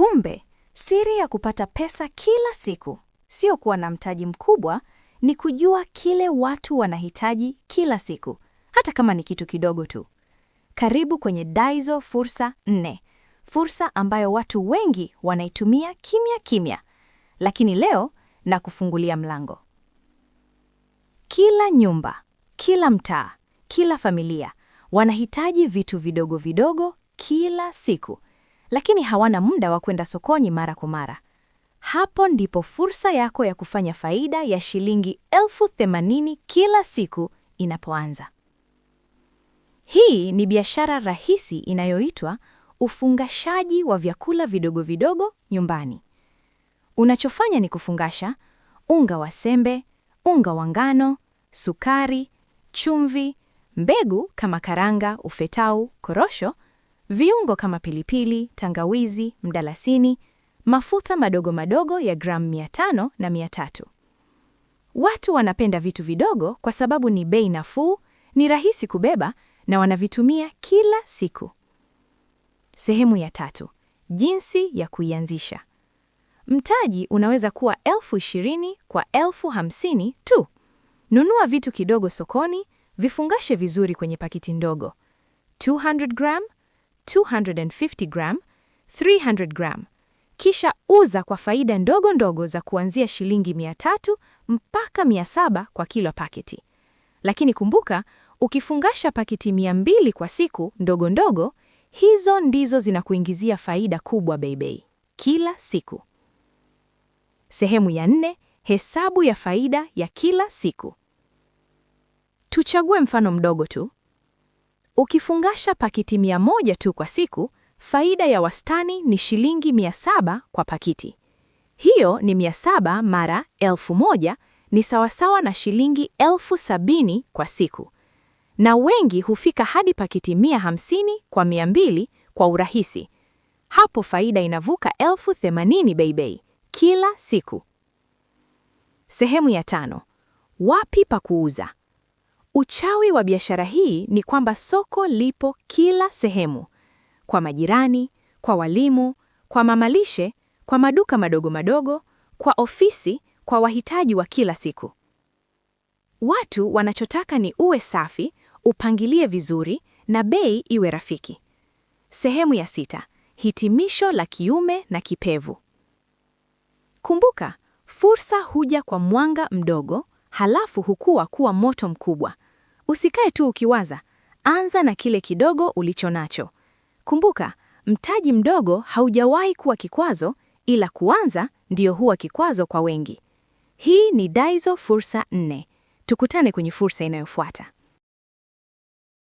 Kumbe siri ya kupata pesa kila siku sio kuwa na mtaji mkubwa, ni kujua kile watu wanahitaji kila siku, hata kama ni kitu kidogo tu. Karibu kwenye Daizo Fursa Nne, fursa ambayo watu wengi wanaitumia kimya kimya, lakini leo na kufungulia mlango. Kila nyumba, kila mtaa, kila familia wanahitaji vitu vidogo vidogo kila siku, lakini hawana muda wa kwenda sokoni mara kwa mara. Hapo ndipo fursa yako ya kufanya faida ya shilingi elfu themanini kila siku inapoanza. Hii ni biashara rahisi inayoitwa ufungashaji wa vyakula vidogo vidogo nyumbani. Unachofanya ni kufungasha unga wa sembe, unga wa ngano, sukari, chumvi, mbegu kama karanga, ufetau, korosho Viungo kama pilipili, tangawizi, mdalasini, mafuta madogo madogo ya gramu 500 na 300. Watu wanapenda vitu vidogo kwa sababu ni bei nafuu, ni rahisi kubeba na wanavitumia kila siku. Sehemu ya tatu: jinsi ya kuianzisha. Mtaji unaweza kuwa elfu ishirini kwa elfu hamsini tu. Nunua vitu kidogo sokoni, vifungashe vizuri kwenye pakiti ndogo 200 gram 250 gram, 300 gram, kisha uza kwa faida ndogo ndogo za kuanzia shilingi 300 mpaka 700 kwa kilo paketi. Lakini kumbuka, ukifungasha paketi 200 kwa siku ndogo ndogo, hizo ndizo zinakuingizia faida kubwa beibei kila siku. Sehemu ya nne, hesabu ya faida ya kila siku. Tuchague mfano mdogo tu Ukifungasha pakiti mia moja tu kwa siku, faida ya wastani ni shilingi mia saba kwa pakiti. Hiyo ni mia saba mara elfu moja ni sawasawa na shilingi elfu sabini kwa siku, na wengi hufika hadi pakiti mia hamsini kwa mia mbili kwa urahisi. Hapo faida inavuka elfu themanini beibei kila siku. Sehemu ya tano: wapi pa kuuza? Uchawi wa biashara hii ni kwamba soko lipo kila sehemu, kwa majirani, kwa walimu, kwa mamalishe, kwa maduka madogo madogo, kwa ofisi, kwa wahitaji wa kila siku. Watu wanachotaka ni uwe safi, upangilie vizuri na bei iwe rafiki. Sehemu ya sita: hitimisho la kiume na kipevu. Kumbuka, fursa huja kwa mwanga mdogo, halafu hukua kuwa moto mkubwa. Usikae tu ukiwaza, anza na kile kidogo ulicho nacho. Kumbuka, mtaji mdogo haujawahi kuwa kikwazo, ila kuanza ndio huwa kikwazo kwa wengi. Hii ni Daizo Fursa Nne. Tukutane kwenye fursa inayofuata.